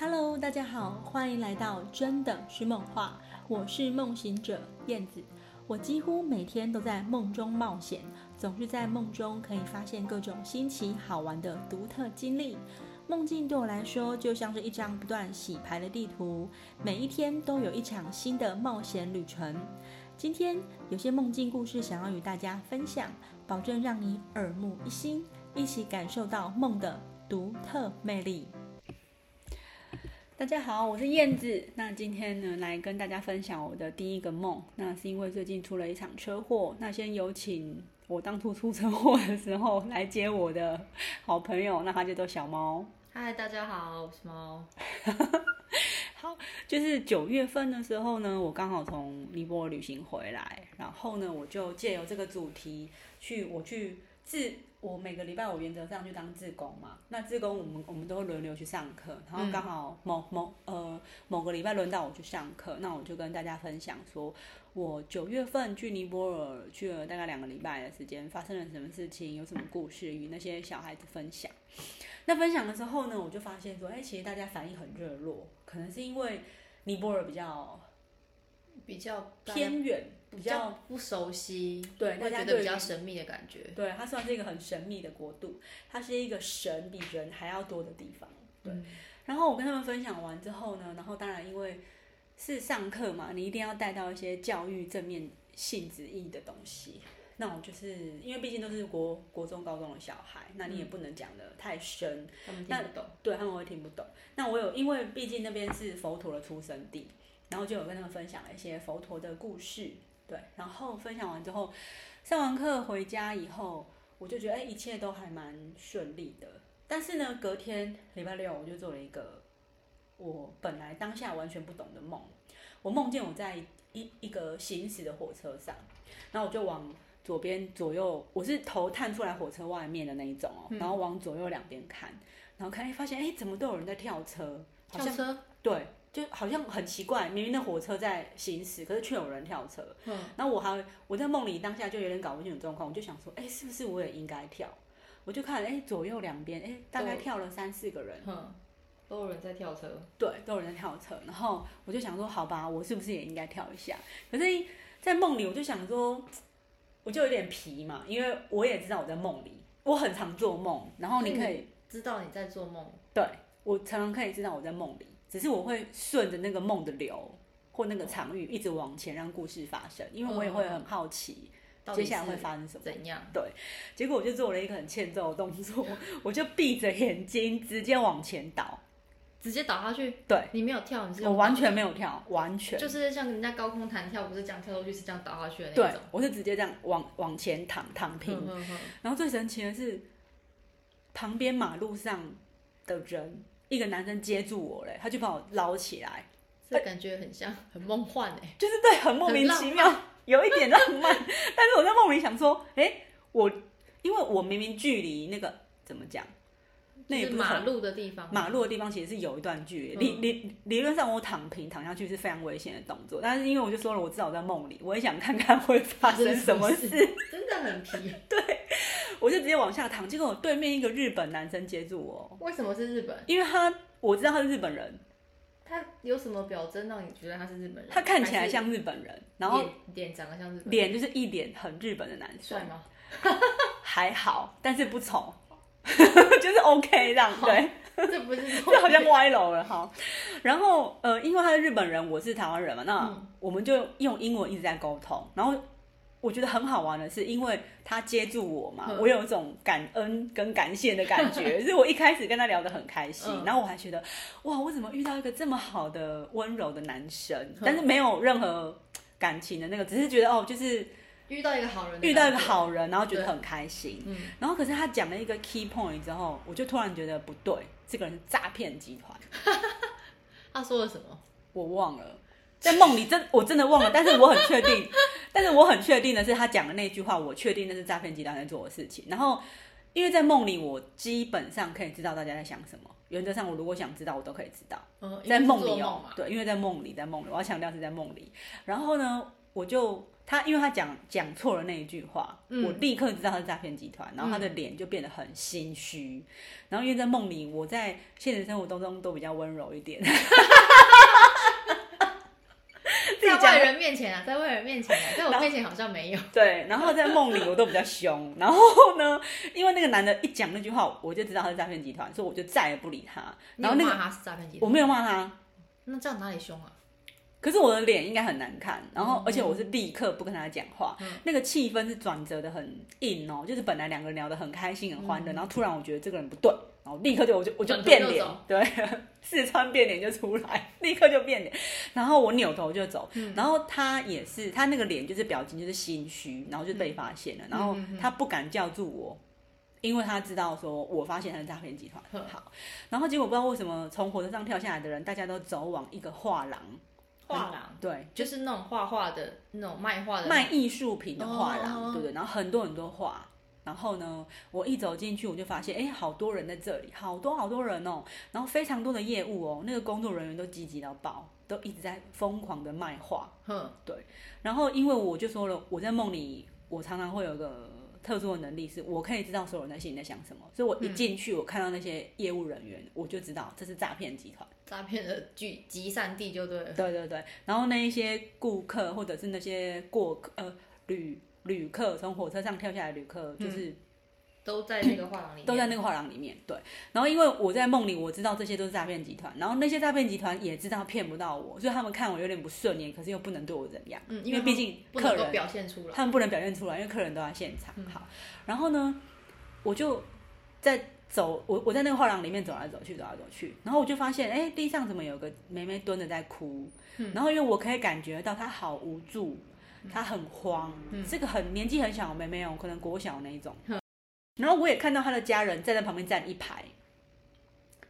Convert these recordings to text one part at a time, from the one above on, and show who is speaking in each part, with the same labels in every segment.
Speaker 1: Hello，大家好，歡迎來到真的是夢話。我是夢行者燕子。我幾乎每天都在夢中冒險，總是在夢中可以發現各種新奇好玩的獨特經歷。夢境對我來說就像是一張不斷洗牌的地圖，每一天都有一場新的冒險旅程。今天有些夢境故事想要與大家分享，保證讓你耳目一新，一起感受到夢的獨特魅力。大家好，我是燕子。那今天呢，來跟大家分享我的第一個夢。那是因為最近出了一場車禍。那先有請我當初出車禍的時候來接我的好朋友，那他叫做小貓。嗨，大家好，我是貓。 好，就是九月份的時候呢，我剛好從尼泊爾旅行回來，然後呢，我就借由這個主題去，我去自。我每個禮拜我原則上去當志工嘛，那志工我們我們都會輪流去上課，然後剛好某某，某呃某個禮拜輪到我去上課，那我就跟大家分享說，我九月份去尼泊爾去了大概兩個禮拜的時間，發生了什麼事情，有什麼故事與那些小孩子分享。那分享的時候呢，我就發現說，哎、欸，其實大家反應很熱絡，可能是因為尼泊爾比較比較偏遠。比較不熟悉，對大家覺得比較神秘的感覺。對，它算是一個很神秘的國度，它是一個神比人還要多的地方。對，嗯，然後我跟他們分享完之後呢，然後當然因為是上課嘛，你一定要帶到一些教育正面性質意義的東西。那我就是因為畢竟都是國國中高中的小孩，那你也不能講得太深，他們聽不懂，那對他們會聽不懂。那我有因為畢竟那邊是佛陀的出生地，然後就有跟他們分享了一些佛陀的故事。對，然後分享完之後，上完課回家以後，我就覺得，哎，一切都還蠻順利的。但是呢，隔天禮拜六我就做了一個我本來當下完全不懂的夢，我夢見我在一一，一個行駛的火車上，然後我就往左邊、左右，我是頭探出來火車外面的那一種哦，嗯，然後往左右兩邊看，然後看發現哎，怎麼都有人在跳車，跳車，好像，對。就好像很奇怪，明明那火車在行駛，可是卻有人跳車。嗯，然後我還我在夢裡當下就有點搞不清楚狀況，我就想說，哎，是不是我也應該跳？我就看，哎，左右兩邊，哎，大概跳了三四個人，嗯，都有人在跳車，對，都有人在跳車。然後我就想說，好吧，我是不是也應該跳一下？可是，在夢裡我就想說，我就有點皮嘛，因為我也知道我在夢裡，我很常做夢。然後你可以、嗯、知道你在做夢，對，我常常可以知道我在夢裡。只是我會順着那個夢的流或那個場域一直往前，讓故事發生，因為我也會很好奇接下來會發生什麼，怎樣？對，結果我就做了一個很欠揍的動作， 我就閉着眼睛直接往前倒，直接倒下去。對，你沒有跳，你是？我完全沒有跳，完全就是
Speaker 2: 像人家高空彈跳，不是講跳出
Speaker 1: 去，是這樣倒下去的那種。對，我是直接這樣往往前躺躺平， 然後最神奇的是旁邊馬路上的人，一個男生接住我嘞，他就把我撈起來，這感覺很像，欸、很夢幻、欸、就是對，很莫名其妙，很有一點浪漫。 但是我在夢裡想說，欸、我因為我明明距離那個怎麼講，那也不是馬路的地方，馬路的地方其實是有一段距離、嗯。理理理論上，我躺平躺下去是非常危險的動作。但是因為我就說了，我至少在夢裡，我也想看看會發生什麼事。真的，真的很皮， 對。我就直接往下躺，結果我對面一個日本男生接住我。
Speaker 2: 為什麼是日本？因為
Speaker 1: 他我知道他是日本人。
Speaker 2: 他有什麼表徵讓你覺得他是日本人？他看起來像日
Speaker 1: 本人，是然後臉長得像日本……臉就是一臉很日本的男生，對帥嗎？ 還好，但是不醜， 就是 OK 這樣。好對，這不是這就好像歪樓了哈。然後呃，因為他是日本人，我是台灣人嘛，那我們就用英文一直在溝通，然後。我覺得很好玩的是，因為他接住我嘛，嗯、我有一種感恩跟感謝的感覺。呵呵是我一開始跟他聊得很開心，嗯、然後我還覺得，哇，我怎麼遇到一個這麼好的、溫柔的男生？嗯、但是沒有任何感情的那個，只是覺得哦，就是
Speaker 2: 遇到一個好人，遇到一個好人，然後覺得很開心。嗯、
Speaker 1: 然後可是他講了一個 key point 之後，我就突然覺得不對，這個人是詐騙集團。哈哈哈哈，他說了什麼？我忘了。在夢裡真，真我真的忘了，但是我很確定， 但是我很確定的是他講的那句話，我確定那是詐騙集團在做的事情。然後，因為在夢裡，我基本上可以知道大家在想什麼。原則上，我如果想知道，我都可以知道。嗯，在夢裡哦、喔、啊、對，因為在夢裡，在夢裡，我要強調是在夢裡。然後呢，我就，他，因為他講講錯了那一句話，嗯、我立刻知道他是詐騙集團，然後他的臉就變得很心虛。嗯、然後，因為在夢裡，我在現實生活當中都比較溫柔一點。 在外人面前啊，在外人面前啊，在我面前好像沒有。 對，然後在夢裡我都比較兇。然後呢，因為那個男的一講那句話，我就知道他是詐騙集團，所以我就再也不理他。然後罵、那個、你有罵他是詐騙集團，我沒有罵他。那這樣哪裡兇啊？可是我的臉應該很難看。然後，而且我是立刻不跟他講話。嗯、那個氣氛是轉折的很硬哦，就是本來兩個人聊得很開心很歡樂，然後突然我覺得這個人不對。立刻我就，我就我就變臉，對，四川變臉就出來，立刻就變臉，然後我扭頭就走，嗯、然後他也是，他那個臉就是表情就是心虛，然後就被發現了，然後他不敢叫住我，嗯嗯嗯，因為他知道說我發現他的詐騙集團，呵好，然後結果不知道為什麼從火車上跳下來的人，大家都走往一個畫廊，畫廊，
Speaker 2: 嗯、
Speaker 1: 對，就是那種畫畫的那種賣畫的賣藝術品的畫廊，哦、對不對？然後很多很多畫。然後呢，我一走進去，我就發現，哎，好多人在這裡，好多好多人哦，然後非常多的業務哦，那個工作人員都積極到爆，都一直在瘋狂的賣畫。哼，對。然後因為我就說了，我在夢裡，我常常會有個特殊的能力是，是我可以知道所有人心裡在想什麼，所以我一進去，我看到那些業務人員，我就知道這是詐騙集團，詐騙的聚集散地就對了。對對對，然後那一些顧客或者是那些過客，呃，旅。旅客從火車上跳下來，旅客就是都在那個畫廊裡，都在那個畫廊裡面。對，然後因為我在夢裡，我知道這些都是詐騙集團，然後那些詐騙集團也知道騙不到我，所以他們看我有點不順眼，可是又不能對我怎樣，嗯、因為畢竟客人表現出來，他們不能表現出來，因為客人都在現場。嗯、好，然後呢，我就在走，我我在那個畫廊裡面走來走去，走來走去，然後我就發現，哎、欸，地上怎麼有個妹妹蹲着在哭？嗯、然後因為我可以感覺到她好無助。他很慌，這、嗯、個很年紀很小的妹妹，可能國小那一種。哼然後我也看到他的家人站在旁邊站一排。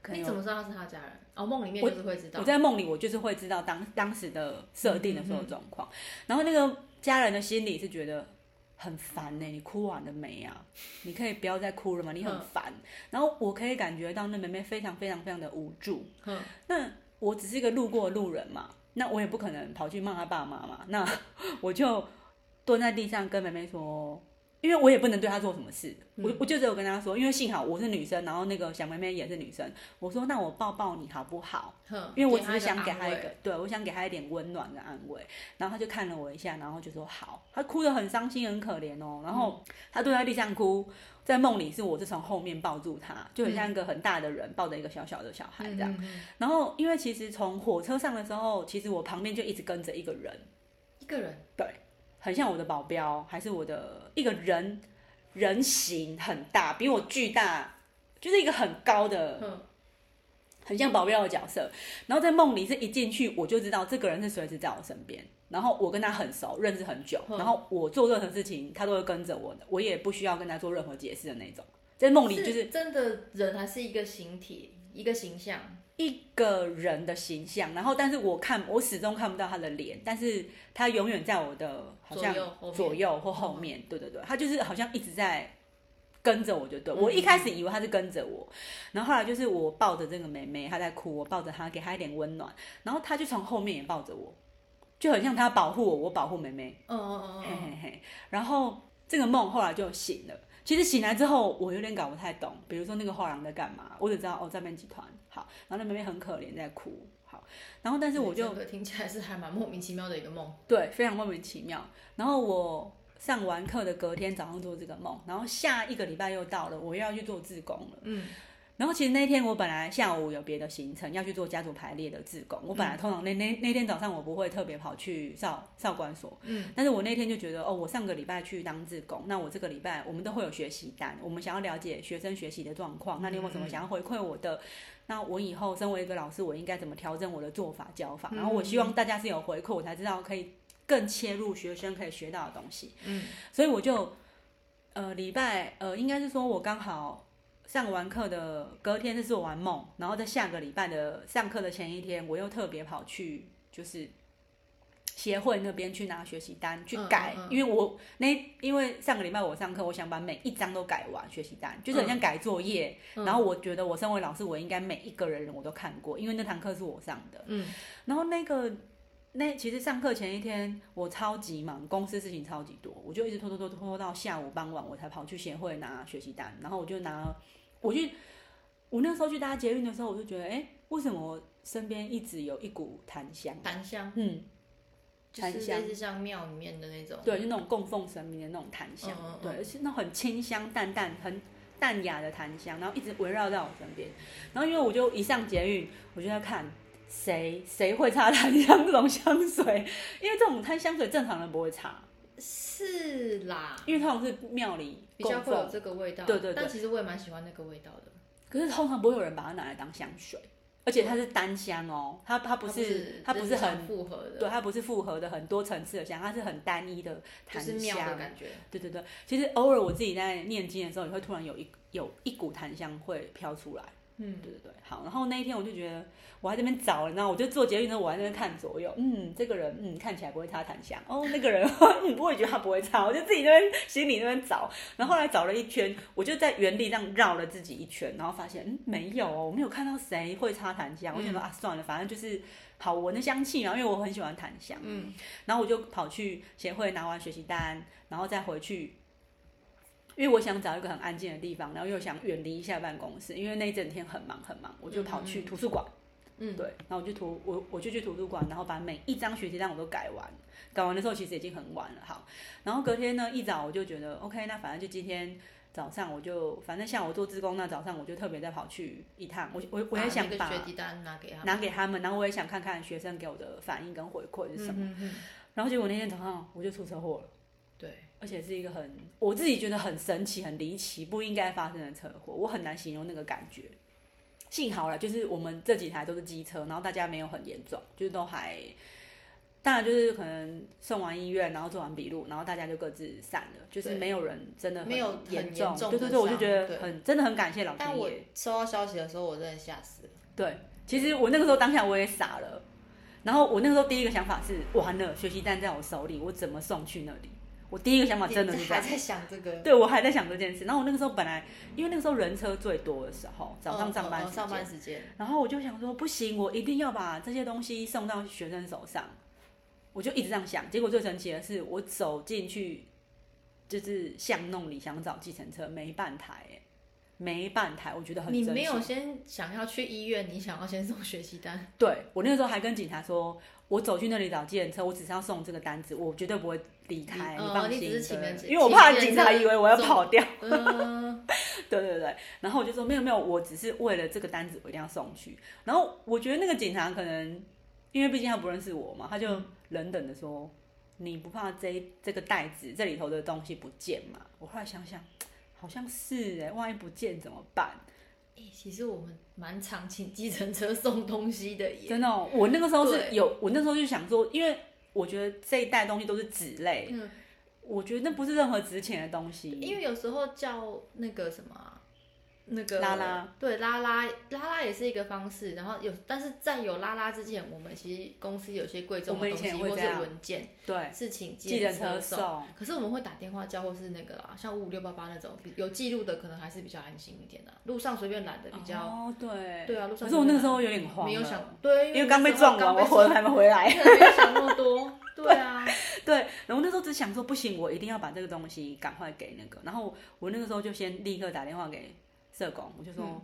Speaker 2: 是你怎麼知道他是他家人？
Speaker 1: 哦，夢裡面就是會知道。我，我在夢裡，我就是會知道當當時的設定的所有狀況。嗯嗯嗯、然後那個家人的心裡是覺得很煩呢、欸，你哭完了沒啊？你可以不要再哭了嘛，你很煩。哼然後我可以感覺到那妹妹非常非常非常的無助。哼那我只是一個路過的路人嘛。那我也不可能跑去罵他爸媽嘛，那我就蹲在地上跟妹妹說。因為我也不能對她做什麼事，嗯、我我就只有跟她說，因為幸好我是女生，然後那個小妹妹也是女生，我說那我抱抱你好不好？呵因為我只是想給她一個，一個對，我想給她一點溫暖的安慰。然後她就看了我一下，然後就說好。她哭得很傷心，很可憐哦、喔。然後她蹲在地上哭，在夢裡是我是從後面抱住她，就很像一個很大的人抱着一個小小的小孩這樣。然後因為其實從火車上的時候，其實我旁邊就一直跟着一個人，一個人，對。很像我的保鏢，還是我的一個人人，形很大，比我巨大，就是一個很高的，很像保鏢的角色。嗯，然後在夢裡是一進去我就知道這個人是隨時在我身邊，然後我跟他很熟，認識很久，嗯，然後我做任何事情他都會跟着我的，我也不需要跟他做任何解釋的那種。
Speaker 2: 在夢裡就是，是真的人還是一個形體，一個形象。
Speaker 1: 一個人的形象，然後但是，我看我始終看不到他的臉，但是他永遠在我的好像左右或後面，後面對對對，他就是好像一直在跟着我就對。嗯嗯，我一開始以為他是跟着我，然後後來就是我抱着這個妹妹，她在哭，我抱着她給她一點溫暖，然後他就從後面也抱着我，就很像他保護我，我保護妹妹。嗯嗯嗯，嘿嘿嘿。然後這個夢後來就醒了，其實醒來之後我有點搞不太懂，比如說那個畫廊在幹嘛，我只知道哦，在夢集團，然後那邊很可憐，在哭。好，然後但是我就聽起來是還蠻莫名其妙的一個夢，對，非常莫名其妙。然後我上完課的隔天早上做這個夢，然後下一個禮拜又到了，我又要去做志工了。嗯。然後其實那天我本來下午有別的行程要去做家族排列的志工，我本來通常那、嗯、那那天早上我不會特別跑去少少管所，嗯，但是我那天就覺得哦，我上個禮拜去當志工，那我這個禮拜我們都會有學習單，我們想要了解學生學習的狀況，那你有沒有什麼想要回饋我的？嗯、那我以後身為一個老師，我應該怎麼調整我的做法教法？然後我希望大家是有回饋，我才知道可以更切入學生可以學到的東西，嗯，所以我就呃禮拜呃應該是說我剛好。上完課的隔天做完，那是我做夢然後在下個禮拜的上課的前一天，我又特別跑去就是協會那邊去拿學習單去改，因為我那因為上個禮拜我上課，我想把每一張都改完學習單，就是很像改作業。嗯、然後我覺得我身為老師，我應該每一個人我都看過，因為那堂課是我上的。嗯、然後那個。那其實上課前一天我超級忙，公司事情超級多，我就一直拖拖拖拖到下午傍晚我才跑去協會拿學習單，然後我就拿，我就我那時候去搭捷運的時候，我就覺得，哎、欸，為什麼我身邊一直有一股檀香？檀香，嗯，檀香就是
Speaker 2: 像廟裡面的
Speaker 1: 那種，對，就那種供奉神明的那種檀香，嗯嗯嗯對，而且那種很清香淡淡、很淡雅的檀香，然後一直圍繞在我身邊。然後因為我就一上捷運，我就在看。誰誰會擦檀香這種香水？因為這種檀香水，正常人不會擦。是啦，因為通常是廟裡比較會有這
Speaker 2: 個味道。對對對。但其
Speaker 1: 實我也蠻喜歡那個味道的。可是通常不會有人把它拿來當香水，嗯、而且它是單香哦、喔，嗯、它它不是，它不是，它不是很，是很複合的，對，它不是複合的，很多層次的香，它是很單一的檀香的感覺。對對對，其實偶爾我自己在念經的時候，嗯、你會突然有一有一股檀香會飄出來。嗯，對對對，好。然後那一天我就覺得，我還在那邊找，然後我就坐捷運的時候，我還在那邊看左右，嗯，這個人嗯，看起來不會擦檀香，哦，那個人，我也、嗯、覺得他不會擦，我就自己在那邊心裡那邊找，然後後來找了一圈，我就在原地這樣繞了自己一圈，然後發現嗯，沒有、哦，我沒有看到誰會擦檀香。我想說、嗯、啊，算了，反正就是好聞的香氣，然後、啊、因為我很喜歡檀香，嗯，然後我就跑去協會拿完學習單，然後再回去。因為我想找一個很安靜的地方，然後又想遠離一下辦公室，因為那一整天很忙很忙，我就跑去圖書館。嗯，嗯對，然後我就圖我我就去圖書館，然後把每一張學習單我都改完，改完的時候其實已經很晚了。好，然後隔天呢，一早我就覺得 OK，那反正就今天早上我就反正像我做志工那早上，我就特別再跑去一趟，我我我也想把，把學習單拿給他們拿給他們，然後我也想看看學生給我的反應跟回饋是什麼。嗯嗯嗯，然後結果那天早上我就出車禍了。對。而且是一個很，我自己覺得很神奇、很離奇、不應該發生的車禍，我很難形容那個感覺。幸好了，就是我們這幾台都是機車，然後大家沒有很嚴重，就是都還，當然，就是可能送完醫院，然後做完筆錄，然後大家就各自散了，就是沒有人真的嚴沒有嚴重。對對對，我就覺得很，很，的很真的很感謝老天。但我
Speaker 2: 收到消息的時候，我真的嚇死了。
Speaker 1: 對，其實我那個時候當下我也傻了，然後我那個時候第一個想法是：完了，學習單在我手裡，我怎麼送去那裡？我第一個想法真的是還在
Speaker 2: 想這個，
Speaker 1: 對我還在想這件事。然後我那個時候本來，因為那個時候人車最多的時候，早上上班上班時間，然後我就想說不行，我一定要把這些東西送到學生手上。我就一直這樣想，結果最神奇的是，我走進去就是巷弄裡想找計程車，沒半台、欸，沒半台，我覺得很你沒有先想要去醫院，你想要先送學習單？對我那個時候還跟警察說。我走去那裡找計程車，我只是要送這個單子，我絕對不會離開，呃、你放心你。因為我怕警察以為我要跑掉。呃、 對對對，然後我就說沒有沒有，我只是為了這個單子，我一定要送去。然後我覺得那個警察可能，因為畢竟他不認識我嘛，他就冷冷的說：“嗯、你不怕這這個袋子這裡頭的東西不見嘛？”我後來想想，好像是哎、欸，萬一不見怎麼辦？欸、其實我們蠻常請計程車送東西的耶，真的、哦。我那個時候是有，對我那時候就想說，因為我覺得這一袋東西都是紙類，嗯、我覺得那不是任何值錢的東西。因
Speaker 2: 為有時候叫那個什麼啊。那個拉拉，對，拉拉拉拉也是一個方式，然後有，但是在有拉拉之前，我們其實公司有些貴重的東西，我們以前會，或是文件，對，是請接車送，送，可是我們會打電話叫或是那個啊，像五五六八八那種有記錄的，可能還是比較安心一點的。路上隨便攔的比較哦，對對啊，路上便得，可是我那個
Speaker 1: 時候有點慌，沒有想，對，因為剛被撞了，我魂還，還沒回來， 沒
Speaker 2: 有想
Speaker 1: 那麼多，對啊，對，對，然後我那時候只想說，不行，我一定要把這個東西趕快給那個，然後我那個時候就先立刻打電話給。社工，我就說，嗯、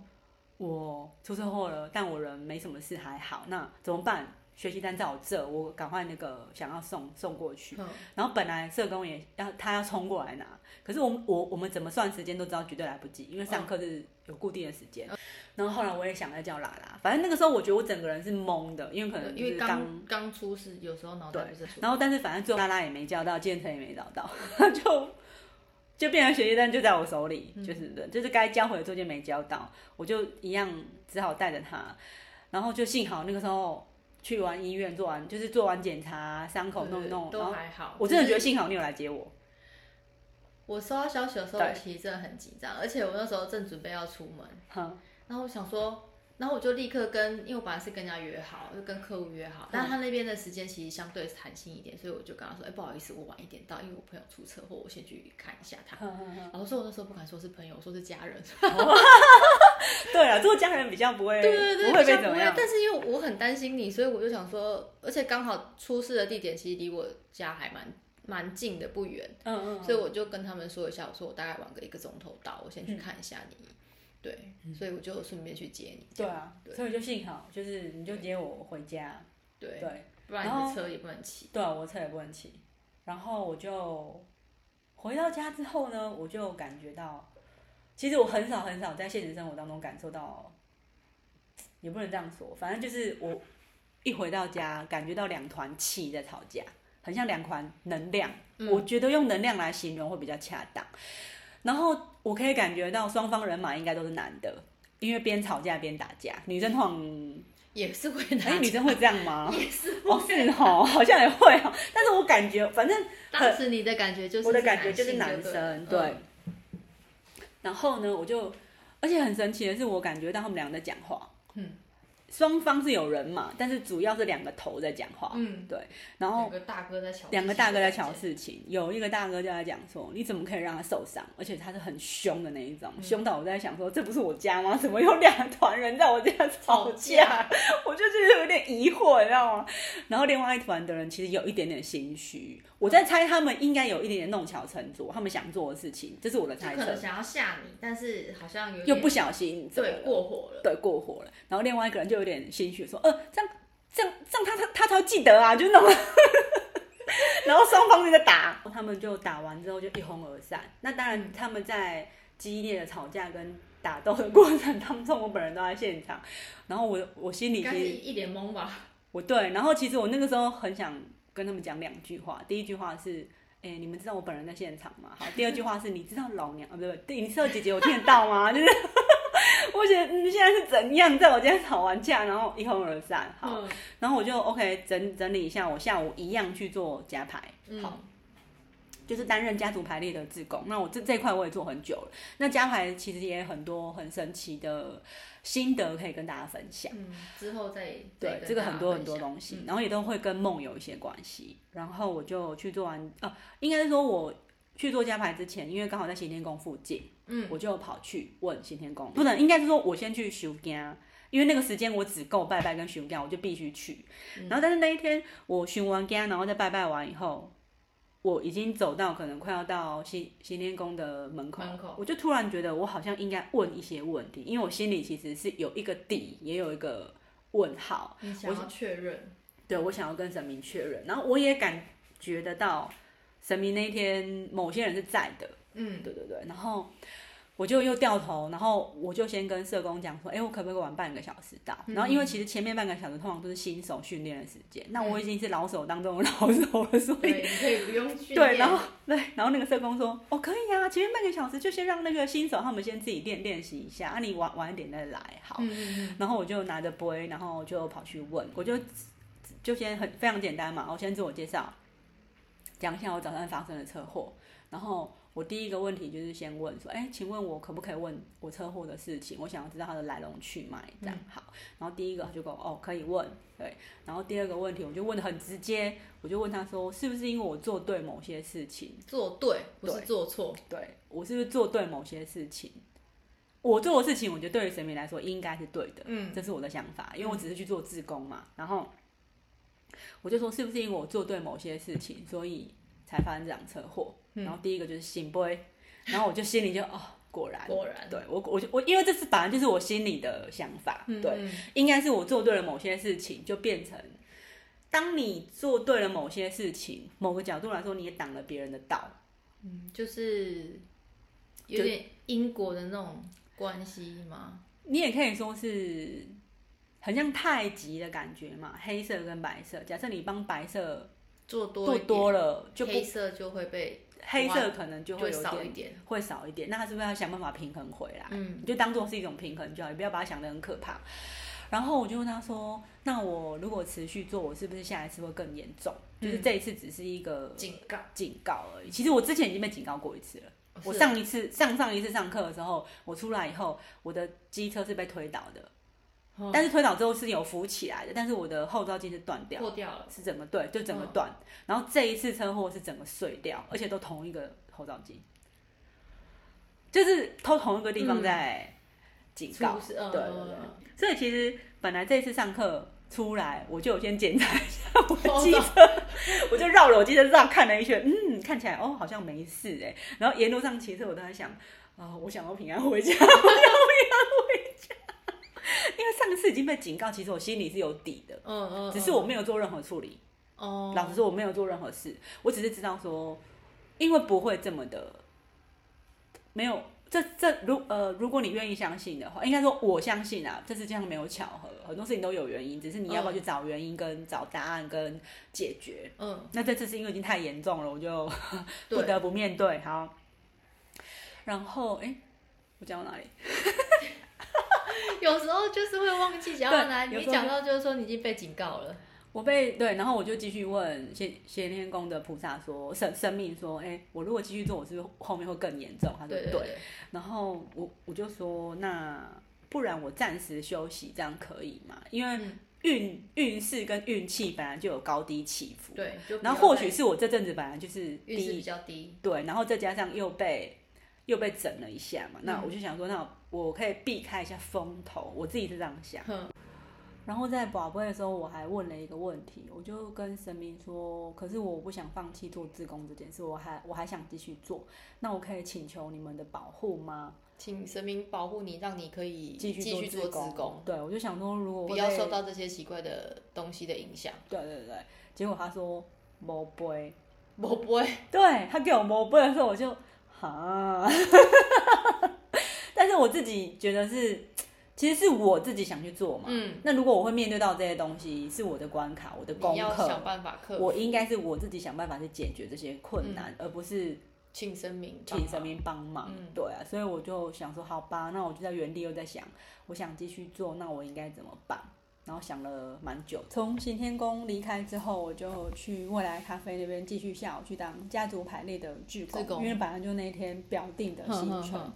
Speaker 1: 我出車禍了，但我人沒什麼事，還好。那怎麼辦？學習單在我這，我趕快那個想要送送過去。嗯、然後本來社工也要他要衝過來拿，可是我們我我們怎麼算時間都知道絕對來不及，因為上課是有固定的時間。嗯、然後後來我也想再叫拉拉，反正那個時候我覺得我整個人是懵的，因為可能剛，因為剛
Speaker 2: 剛出事，有時候腦袋也是對。然後但是
Speaker 1: 反正最後拉拉也沒叫到，建成也沒找到， 他就。就變成學業單就在我手裡，就是的，就是該交回的作業沒交到，嗯、我就一樣只好帶着他，然後就幸好那個時候去完醫院、嗯、做完，就是做完檢查傷口弄弄，對對對，都還好。我真的覺得幸好你有來接我。
Speaker 2: 我收到消息的時候，我其實
Speaker 1: 真的很緊張，
Speaker 2: 對而且我那時候正準備要出門，嗯、然後我想說。然後我就立刻跟，因為我本來是跟人家約好，就跟客戶約好，嗯、但他那邊的時間其實相對彈性一點，所以我就跟他說，哎、欸，不好意思，我晚一點到，因為我朋友出車禍，我先去看一下他。然後、嗯嗯嗯、說我那時候不敢說是朋友，說是家人。哦、
Speaker 1: 對啊，做家人比較不會，對對對不會被怎麼樣。但
Speaker 2: 是因為我很擔心你，所以我就想說，而且剛好出事的地點其實離我家還蠻蠻近的，不遠。嗯嗯。嗯嗯，所以我就跟他們說一下，我說我大概晚個一個鐘頭到，我先去看一下你。嗯對，所以我就順便去接你，嗯。
Speaker 1: 對啊，所以就幸好就是你就接我回家。對對，對對，不然你的車也不能騎。對啊，我的車也不能騎。然後我就回到家之後呢，我就感覺到，其實我很少很少在現實生活當中感受到，也不能這樣說，反正就是我一回到家，感覺到兩團氣在吵架，很像兩團能量，嗯，我覺得用能量來形容會比較恰當。然後我可以感覺到雙方人馬應該都是男的，因為邊吵架邊打架，女生通常也是會，男生女生會這樣嗎？也是，好像也會，但是我感覺反正當時你的感覺就是，是就，我的感覺就是男生，對。嗯。然後呢，我就，而且很神奇的是，我感覺到他們兩個在講話，嗯。雙方是有人嘛，但是主要是兩個頭在講話，嗯，對。然後個兩
Speaker 2: 個大哥在喬，兩個大哥
Speaker 1: 在喬事情。有一個大哥就在講說：“你怎麼可以讓他受傷？而且他是很凶的那一種，嗯、凶到我在想說這不是我家嗎？怎麼有兩團人在我家吵架？吵架 我就覺得有點疑惑，你知道嗎？”然後另外一團的人其實有一點點心虛。我在猜，他們應該有一點點弄巧成拙，他們想做的事情，這是我的猜測。想
Speaker 2: 要嚇你，但是好像
Speaker 1: 又又不小心，對，過火了，對，過火了。然後另外一個人就有點心虛，說：“呃，這樣這樣這樣，這樣他，他，他才他才會記得啊，就弄了。” 然後雙方就在打， 他們就打完之後就一鬨而散。那當然，他們在激烈的吵架跟打鬥的過程當中，嗎我本人都在現場，然後我我心裡其實一臉懵吧。我對，然後其實我那個時候很想，跟他們講兩句話，第一句話是，哎、欸，你們知道我本人在現場嗎？好，第二句話是，你知道老娘， 啊、不是對，你知道姐姐我聽得到嗎？ 就是， 我覺得你現在是怎樣在我家吵完架，然後一哄而散？好，嗯、然後我就 OK，整整理一下，我下午一樣去做夾排，好。嗯就是擔任家族排列的志工，嗯、那我這這一塊我也做很久了。那家排其實也很多很神奇的心得可以跟大家分享，
Speaker 2: 嗯，之後再對再這個
Speaker 1: 很多很多東西，嗯、然後也都會跟夢有一些關係。然後我就去做完，哦、啊，應該是說我去做家排之前，因為剛好在行天宮附近，嗯，我就跑去問行天宮，嗯、不能應該是說我先去修行，因為那個時間我只夠拜拜跟修行，我就必須去。嗯、然後但是那一天我修完行，然後再拜拜完以後。我已經走到可能快要到新新天宮的門口，門口我就突然覺得我好像應該問一些問題，因為我心裡其實是有一個底，也有一個問號。你想要確認？對，我想要跟神明確認。然後我也感覺得到，神明那一天某些人是在的。嗯，對對對。然後。我就又掉頭，然後我就先跟社工講說，哎、欸，我可不可以晚半個小時到？嗯、然後因為其實前面半個小時通常都是新手訓練的時間，嗯、那我已經是老手當中的老手了，所以，對，你可
Speaker 2: 以不用去。對，然後
Speaker 1: 對，然後那個社工說，哦、喔，可以啊，前面半個小時就先讓那個新手他們先自己練練習一下，那、啊、你晚晚一點再來，好。嗯嗯嗯，然後我就拿着杯，然後就跑去問，我就就先很非常簡單嘛，我先自我介紹，講一下我早上發生的車禍，然後。我第一個問題就是先問說，哎、欸，請問我可不可以問我車禍的事情？我想要知道它的來龍去脈，這樣好。然後第一個他就說，哦，可以問。對。然後第二個問題，我就問得很直接，我就問他說，是不是因為我做對某些事情，做對，不是做錯，對，我是不是做對某些事情？我做的事情，我覺得對於神明來說應該是對的，嗯，這是我的想法，因為我只是去做志工嘛。然後我就說，是不是因為我做對某些事情，所以才發生這場車禍？然後第一個就是聖杯。嗯、然後我就心裡就 哦，果然，果然，對我，我就我，因為這是反正就是我心裡的想法，嗯嗯對，應該是我做對了某些事情，就變成當你做對了某些事情，某個角度來說，你也擋了別人的道，嗯，就是
Speaker 2: 有點因果的那種
Speaker 1: 關係嗎？你也可以說是很像太極的感覺嘛，黑色跟白色，假設你幫白色做多做多了，就不黑色就會被。黑色可能就會有點，會少一點，會少一點，那他是不是要想辦法平衡回來？嗯，你就當做是一種平衡就好，你不要把它想得很可怕。然後我就問他說：“那我如果持續做，我是不是下一次會更嚴重？嗯、就是這一次只是一個警告，警告而已。警告。其實我之前已經被警告過一次了。哦啊、我上一次、上上一次上課的時候，我出來以後，我的機車是被推倒的。”但是推倒之後是有扶起來的，但是我的後照鏡是斷掉，破掉了，是整個，對，就整個斷。哦、然後這一次車禍是整個碎掉，而且都同一個後照鏡，就是偷同一個地方在警告，嗯啊、對，對對對。所以其實本來這一次上課出來，我就有先檢查一下我的機車，大 我就繞了我機車繞看了一圈，嗯，看起來哦好像沒事哎、欸。然後沿路上騎車，我都在想啊、哦，我想要平安回家，我要 因為上次已經被警告，其實我心裡是有底的，嗯嗯，嗯只是我沒有做任何處理，哦、嗯，老實說我沒有做任何事，我只是知道說，因為不會這麼的，沒有，這這如呃，如果你願意相信的話，應該說我相信啊，這是這樣沒有巧合，很多事情都有原因，只是你要不要去找原因跟、嗯、跟找答案跟解決，嗯，那這次是因為已經太嚴重了，我就對不得不面對，好，然後哎、欸，我講到哪裡？ 有時候就是會忘記講到哪，你一講到就是說你已經被警告了，我被對。然後我就繼續問先先天宮的菩薩說，生生命說，哎、欸，我如果繼續做，我是不是後面會更嚴重？他說對，對對對，然後我我就說，那不然我暫時休息，這樣可以嗎？因為運運勢跟運氣本來就有高低起伏，對，然後或許是我這陣子本來就是運勢比較低，對，然後再加上又被。又被整了一下嘛，那我就想說，那我可以避開一下風頭，我自己是這樣想。嗯。然後在寶貝的時候，我還問了一個問題，我就跟神明說，可是我不想放棄做志工這件事，我還我還想繼續做，那我可以請求你們的保護嗎？請神明保護你，讓你可以繼續繼續做志工。對，我就想說，如果不要受到這些奇怪的東西的影響。對對對，結果他說寶貝寶貝，貝對他給我寶貝的時候，我就。啊， 但是我自己覺得是，其實是我自己想去做嘛。嗯，那如果我會面對到這些東西，是我的關卡，我的功課，想辦法克服。我應該是我自己想辦法去解決這些困難。嗯、而不是請神明請神明幫忙。忙嗯、對啊，所以我就想說，好吧，那我就在原地又在想，我想繼續做，那我應該怎麼辦？然後想了蠻久，從行天宮離開之後，我就去未來咖啡那邊繼續下午去當家族排列的志工，因為本來就那天表定的行程，呵呵呵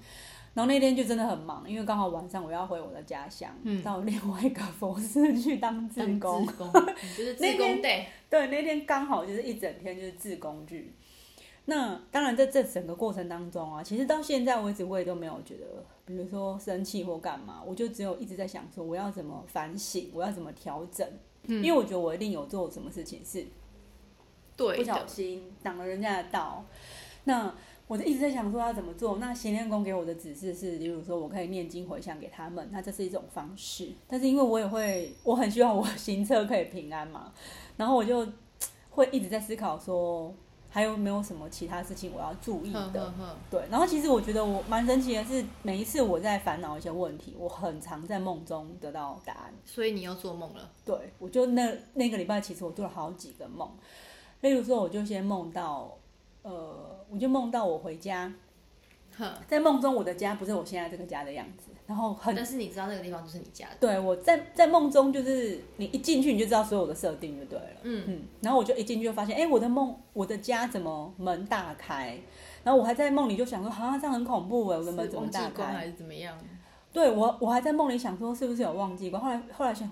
Speaker 1: 然後那天就真的很忙，因為剛好晚上我要回我的家鄉，嗯、到另外一個佛寺去當志工。那天對對，那天剛好就是一整天就是志工劇。那當然，在這整個過程當中啊，其實到現在為止，我也都沒有覺得，比如說生氣或幹嘛，我就只有一直在想說，我要怎麼反省，我要怎麼調整，嗯、因為我覺得我一定有做什麼事情是對，不小心擋了人家的道。的那我就一直在想說要怎麼做。那行天宮給我的指示是，例如說我可以念經回向給他們，那這是一種方式。但是因為我也會，我很希望我行車可以平安嘛，然後我就會一直在思考說。還有沒有什麼其他事情我要注意的？呵呵呵。對，然後其實我覺得我蠻神奇的是，每一次我在煩惱一些問題，我很常在夢中得到答案。所以你又做夢了？對，我就那那個禮拜，其實我做了好幾個夢。例如說，我就先夢到，呃，我就夢到我回家，呵在夢中我的家不是我現在這個家的樣子。然後很，但是你知道那個地方就是你家的。對，我在在夢中就是你一進去你就知道所有的設定就對了。嗯嗯，然後我就一進去就發現，哎，我的夢，我的家怎麼門大開？然後我還在夢裡就想說，好像這樣很恐怖誒，我的門怎麼打開？是還是怎麼樣？對我，我還在夢裡想說是不是有忘記過，後來後來想，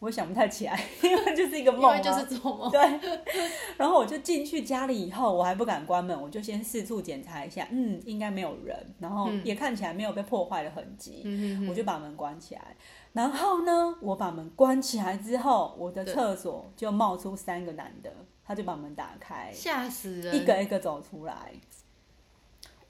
Speaker 1: 我想不太起來，因為就是一個夢啊。就是夢。對，然後，我就進去家裡以後，我還不敢關門，我就先四處檢查一下，嗯，應該沒有人，然後也看起來沒有被破壞的痕跡，嗯、我就把門關起來。然後呢，我把門關起來之後，我的廁所就冒出三個男的，他就把門打開，嚇死了，一個一個走出來。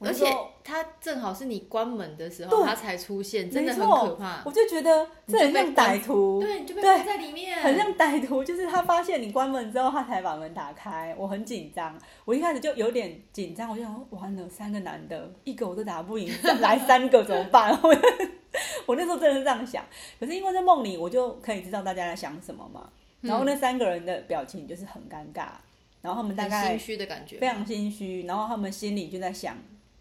Speaker 1: 而
Speaker 2: 且他正好是你關門的時候，他才
Speaker 1: 出現，對真的很可怕。就可怕，我就覺得這很像歹徒，對，你就被關在裡面，很像歹徒。就是他發現你關門之後，他才把門打開。我很緊張，我一開始就有點緊張，我就想完了，三個男的，一個我都打不贏，來三個怎麼辦？ 我那時候真的是這樣想。可是因為在夢裡，我就可以知道大家在想什麼嘛。嗯，然後那三個人的表情就是很尷尬，然後他們大概心虛的感覺，非常心虛，然後他們心裡就在想。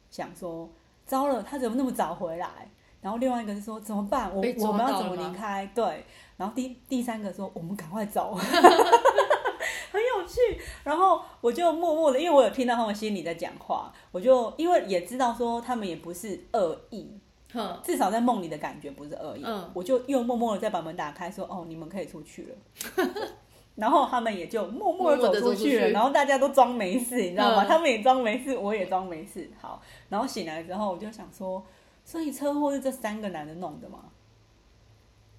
Speaker 1: 想說，糟了，他怎麼那麼早回來？然後另外一個是說，怎麼辦？我我們要怎麼離開？對，然後第第三個說，我們趕快走， 很有趣。然後我就默默的，因為我有聽到他們心裡在講話，我就因為也知道說他們也不是惡意，呵至少在夢裡的感覺不是惡意。嗯、我就又默默的再把門打開說說哦，你們可以出去了。 然後他們也就默默的走出去了，默默的走出去然後大家都裝沒事，嗯、你知道嗎？他們也裝沒事，我也裝沒事。好，然後醒來之後，我就想說，所以車禍是這三個男的弄的嗎？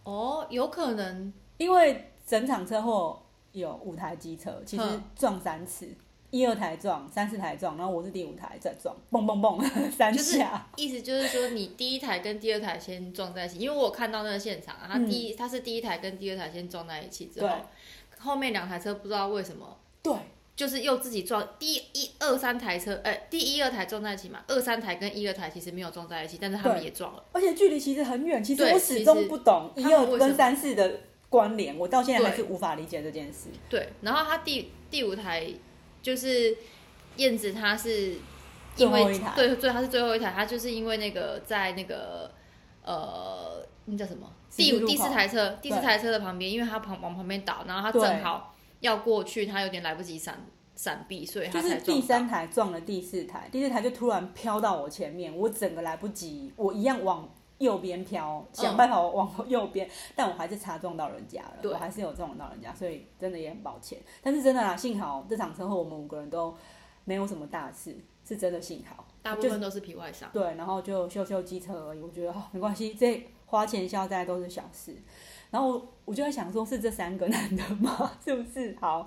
Speaker 1: 哦，有可能，因為整場車禍有五台機車，其實撞三次，嗯、一二台撞，三四台撞，然後我是第五台再撞，嘣嘣嘣，三次啊。意思就是說，你第一台跟第二台先
Speaker 2: 撞在一起，因為我看到那個現場啊，他第一他、嗯、是第一台跟第二台先撞在一起之後。後面兩台車不知道為什麼，對，就是又自己撞。第一二三台車，哎，第一二台撞在一起嘛，二三台跟一二台其實沒有撞在一起，但是他們也撞
Speaker 1: 了，而且距離其實很遠。其實我始終不懂一二跟三四的關聯，我到現在還是無法理解這件事。
Speaker 2: 對，然後他第第五台就是燕子，他是
Speaker 1: 因為對
Speaker 2: 對，他是最後一台，他就是因為那個在那個呃。
Speaker 1: 那叫什麼？第五、第四台車，第四台車
Speaker 2: 的旁邊，對因為他旁往旁邊倒，然後他正好要過去，他對有點來不及閃閃避，所以他就是第
Speaker 1: 三台撞了第四台，第四台就突然飄到我前面，我整個來不及，我一樣往右邊飄，想辦法往右邊，嗯、但我還是擦撞到人家了，對我還是有撞到人家，所以真的也很抱歉。但是真的啊，幸好這場車禍我們五個人都沒有什麼大事，是真的幸好，大部分都是
Speaker 2: 皮外傷，對，
Speaker 1: 然後就修修機車而已，我覺得、哦、沒關係，這。花錢消災都是小事，然後我就在想，說是這三個男的嗎？是不是？好，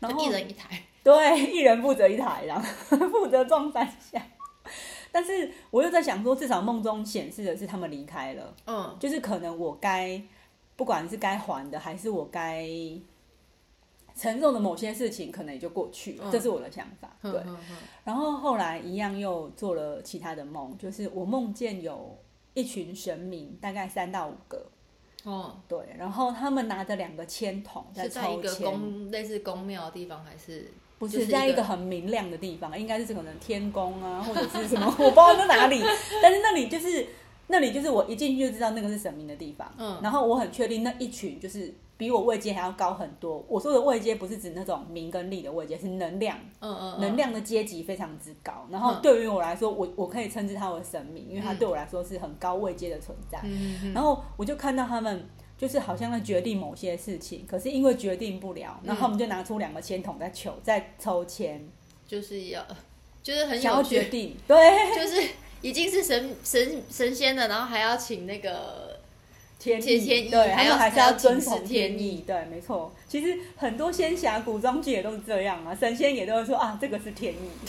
Speaker 1: 然後一人一台，對，一人負責一台，然後負責撞翻下。 但是我又在想說，至少夢中顯示的是他們離開了，嗯，就是可能我該，不管是該還的，還是我該承受的某些事情，可能也就過去了。嗯、這是我的想法，對。嗯嗯嗯、然後後來一樣又做了其他的夢，就是我夢見有。一群神明，大概三到五個，哦，對，然後他們拿着兩個籤筒，在抽籤。在一個宮，類似宮廟的地方，還是不是，是一在一個很明亮的地方？應該是可能天宮啊，或者是什麼， 我不知道在哪裡。但是那裡就是，那裡就是，我一進去就知道那個是神明的地方。嗯，然後我很確定那一群就是。比我位階還要高很多。我說的位階不是指那種名跟利的位階，是能量，嗯嗯，嗯嗯能量的階級非常之高。然後對於我來說，嗯、我我可以稱之他為神明，因為他對我來說是很高位階的存在。嗯嗯、然後我就看到他們就是好像在決定某些事情，可是因為決定不了，然後他們就拿出兩個籤筒在求，在抽籤，就是要，就是
Speaker 2: 很有想要決定，
Speaker 1: 對，就是已經是神神神仙了，然後還要請那個。天意，天天意，對，還要還是要遵守天意，天意對，沒錯。其實很多仙俠古裝劇也都是這樣啊，神仙也都會說啊，這個是天意。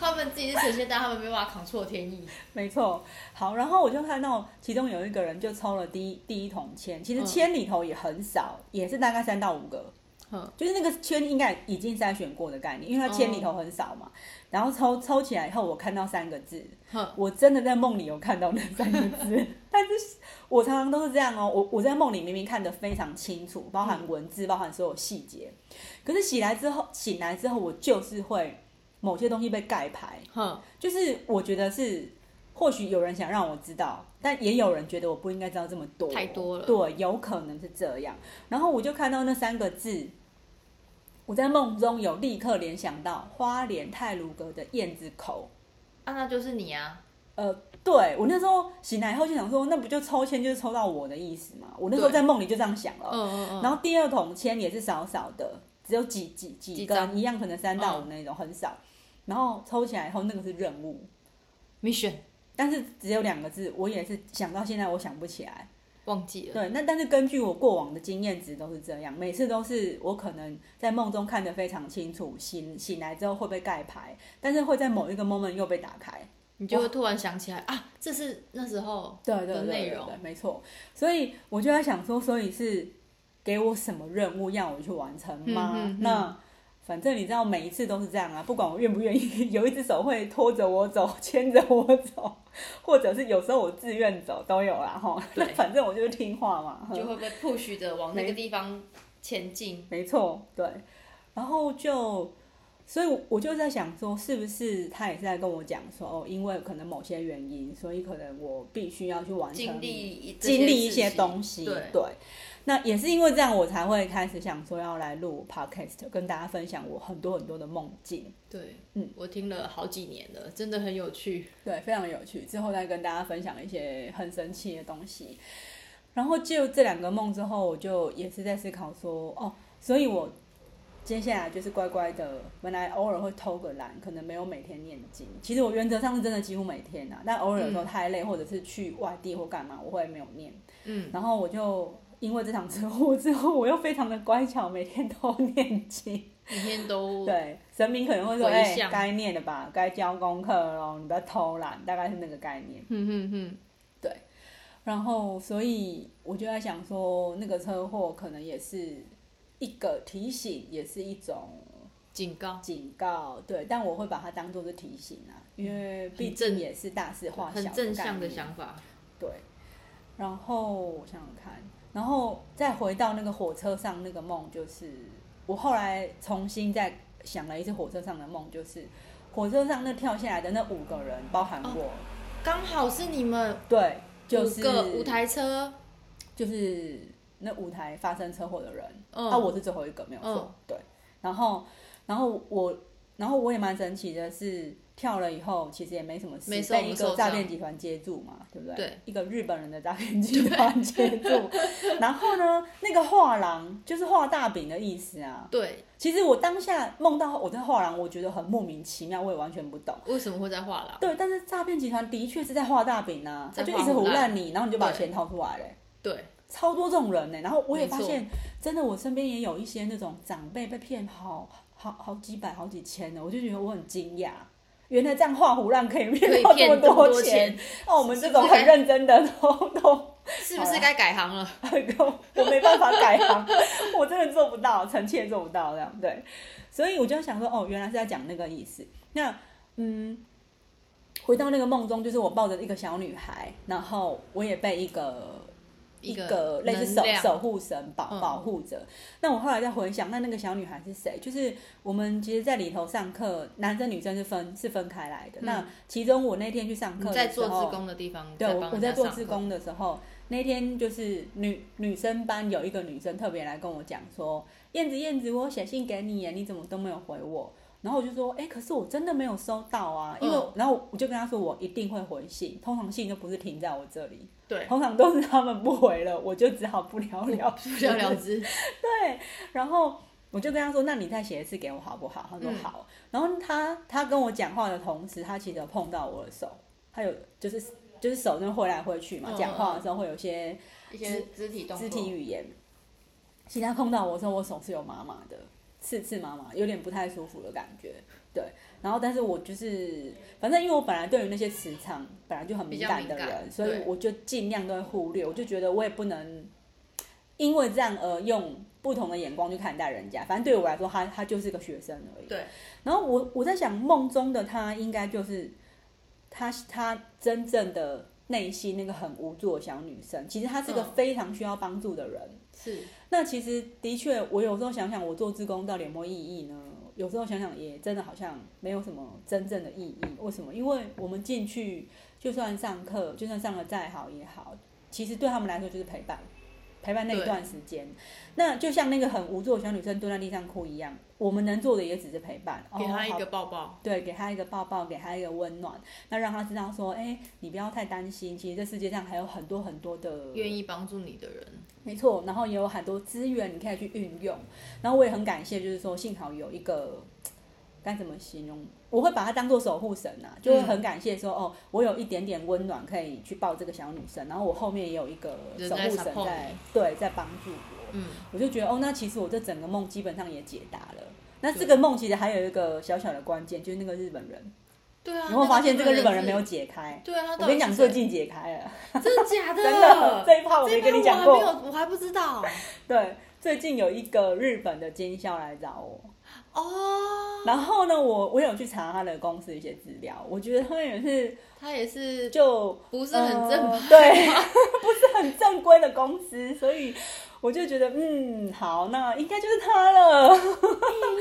Speaker 1: 他們自己是神仙，但他們沒辦法扛錯天意。沒錯。好，然後我就看到其中有一個人就抽了第一第一桶籤，其實籤裡頭也很少，嗯、也是大概三到五個。就是那個圈，應該已經篩選過的概念，因為它籤裡頭很少嘛。Oh. 然後抽抽起來以後，我看到三個字，Huh. 我真的在夢裡有看到那三個字。 但是我常常都是這樣哦、喔，我我在夢裡明明看得非常清楚，包含文字，嗯、包含所有細節。可是醒來之後，醒來之後我就是會某些東西被蓋牌。Huh. 就是我覺得是或許有人想讓我知道，但也有人覺得我不應該知道這麼多，太多了。對，有可能是這樣。然後我就看到那三個字。我在夢中有立刻聯想到花蓮太魯閣的燕子口，啊，那就是你啊！呃，對，我那時候醒來以後就想說，那不就抽籤就是抽到我的意思嘛？我那時候在夢裡就這樣想
Speaker 2: 了。嗯嗯嗯。
Speaker 1: 然後第二桶籤也是少少的，只有幾幾幾根，一樣可能三到五那種，很少。然後抽起來以後，那個是任務，mission，但是只有兩個字，我也是想到現在我想不起來。忘記了。對，那但是根據我過往的經驗值都是這樣，每次都是我可能在夢中看得非常清楚，醒醒來之後會被蓋牌，但是會在某一個 moment 又被打開，嗯、哇你就會突然想起來啊，
Speaker 2: 這是那時候的內容。對對對對
Speaker 1: 對，沒錯。所以我就在想說，所以是給我什麼任務要我去完成嗎？嗯嗯嗯、那反正你知道每一次都是這樣啊，不管我願不願意，有一隻手會拖着我走，牽着我走，或者是有時候我自願走都有啦，哈。對反正我就會聽話嘛。就會被 push 着往那個地方前進。沒，沒錯，對。然後就，所以我就在想說，是不是他也是在跟我講說，哦，因為可能某些原因，所以可能我必須要去完成經歷，經歷一些東西，對。對那也是因為這樣，我才會開始想說要來錄 Podcast，跟大家分享我很多很多的夢境。對，嗯，我聽了好幾年了，真的很有趣。對，非常有趣。之後再跟大家分享一些很神奇的東西。然後就這兩個夢之後，我就也是在思考說，哦，所以我接下來就是乖乖的，本來偶爾會偶爾偷個懶，可能沒有每天念經。其實我原則上是真的幾乎每天啊，但偶爾有時候太累，嗯、或者是去外地或幹嘛，我會沒有念。嗯，然後我就。因為這場車禍之後，我又非常的乖巧，每天都要念經，每天都對神明可能會說：“哎、欸，該念了吧，該交功課了，你不要偷懶。”大概是那個概念。嗯嗯嗯，對。然後，所以我就在想說，那個車禍可能也是一個提醒，也是一種警告，警告。對，但我會把它當做是提醒啊，因為畢竟也是大事化小很，很正向的想法。對。然後我想想看。然後再回到那個火車上那個夢，就是我後來重新再想了一次火車上的夢，就是火車上那跳下來的那五個人，包含我，哦、剛好是你們對，五個五台車，就是那五台發生車禍的人，嗯、啊，我是最後一個沒有錯、嗯、對，然後然後我然後我也蠻神奇的是。跳了以後，其實也沒什麼事。被一個詐騙集團接住嘛，對不對？對，一個日本人的詐騙集團接住。對 然後呢，那個畫廊就是畫大餅的意思啊。對，其實我當下夢到我在畫廊，我覺得很莫名其妙，我也完全不懂為什麼會在畫廊。對，但是詐騙集團的確是在畫大餅呢、啊，他、啊、就一直唬爛你，然後你就把錢掏出來了、欸、對，對超多這種人呢、欸。然後我也發現，錯真的，我身邊也有一些那種長輩被騙好，好好好幾百、好幾千的，我就覺得我很驚訝。原來這樣畫胡亂可以騙到這麼多錢，那、哦、我們這種很認真的都都是是都都是不是該改行了？ 我沒辦法改行，我真的做不到，臣妾做不到這樣，對。所以我就想說，哦，原來是在講那個意思。那嗯，回到那個夢中，就是我抱着一個小女孩，然後我也被一個。一個類似量守守護神保保護着。嗯、那我後來在回想，那那個小女孩是誰？就是我們其實，在裡頭上課，男生女生是分是分開來的。嗯、那其中我那天去上課的時候，在做志工的地方，對，我，我在做志工的時候，那天就是女女生班有一個女生特別來跟我講說：“燕子，燕子，我寫信給你，你怎麼都沒有回我。”然後我就說，哎、欸，可是我真的沒有收到啊，因為、嗯、然後我就跟他說，我一定會回信。通常信都不是停在我這裡，對，通常都是他們不回了，我就只好不了了之。不了了之。對，然後我就跟他說，那你再寫一次給我好不好？他說好。嗯、然後他他跟我講話的同時，他其實有碰到我的手，他有就是就是手就揮來揮去嘛，嗯、講話的時候會有一些、嗯、子一些肢體肢體語言。嗯、其實他碰到我說我手是有麻麻的。刺刺麻麻，有點不太舒服的感覺。對，然後但是我就是，反正因為我本來對於那些磁場本來就很敏感的人，所以我就盡量都會忽略。我就覺得我也不能因為這樣而用不同的眼光去看待人家。反正對我來說他，他她就是個學生而已。對。然後我我在想，夢中的他應該就是他，她真正的內心那個很無助的小女生。其實他是個非常需要幫助的人。嗯是，那其實的確，我有時候想想，我做志工到底有沒有意義呢？有時候想想，也真的好像沒有什麼真正的意義。為什麼？因為我們進去，就算上課，就算上得再好也好，其實對他們來說就是陪伴。陪伴那一段時間。對那就像那個很無助的小女生蹲在地上哭一樣，我們能做的也只是陪伴，給她一個抱抱，哦、對，給她一個抱抱，給她一個溫暖，那讓她知道說，哎、欸，你不要太擔心，其實這世界上還有很多很多的願意幫助你的人，沒錯，然後也有很多資源你可以去運用，然後我也很感謝，就是說幸好有一個。該怎麼形容我？我會把它當做守護神吶、啊，就會很感謝說、嗯、哦，我有一點點溫暖可以去抱這個小女生，然後我後面也有一個守護神在，嗯、對，在幫助我。嗯，我就覺得哦，那其實我這整個夢基本上也解答了。那這個夢其實還有一個小小的關鍵，就是那個日本人。
Speaker 2: 對啊，你會發現個這個日本人沒有
Speaker 1: 解開。對啊，他我跟你講，最近解開了，
Speaker 2: 真的假的？ 真的，這一
Speaker 1: 趴我沒跟你講過，我還，
Speaker 2: 我還不知道。
Speaker 1: 對，最近有一個日本的經銷來找我。
Speaker 2: 哦，oh,
Speaker 1: 然後呢，我我有去查他的公司一些資料，我覺得他也是，他也是就不是很正、呃、對， 不是很正規的公司，所以我就覺得嗯，好，那應該就是他了。 嗯、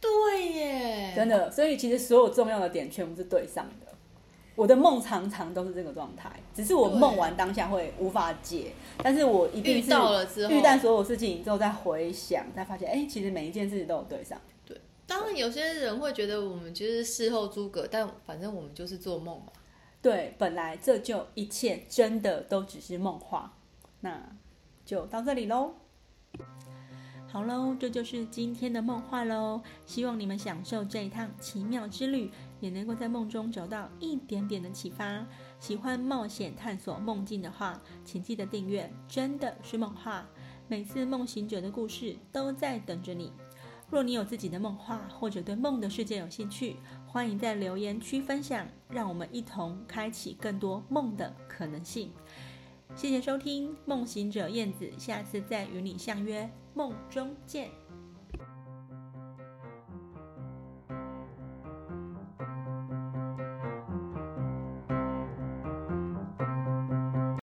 Speaker 1: 對耶，真的，所以其實所有重要的點全部是對上的。我的夢常常都是這個狀態，只是我夢完當下會無法解，對但是我一定是遇到了之後，遇到所有事情之後再回想，才發現哎，其實每一件事情都有對上。
Speaker 2: 當然，有些人會覺得我們就是事後諸葛，
Speaker 1: 但反正我們就是做夢嘛。對，本來這就一切真的都只是夢話，那就到這裡嘍。好嘍，這就是今天的夢話嘍。希望你們享受這一趟奇妙之旅，也能夠在夢中找到一點點的啟發。喜歡冒險探索夢境的話，請記得訂閱《真的是夢話》，每次夢行者的故事都在等着你。若你有自己的夢話，或者對夢的世界有興趣，歡迎在留言區分享，讓我們一同開啟更多夢的可能性。謝謝收聽《夢行者》燕子，下次再與你相約，夢中見。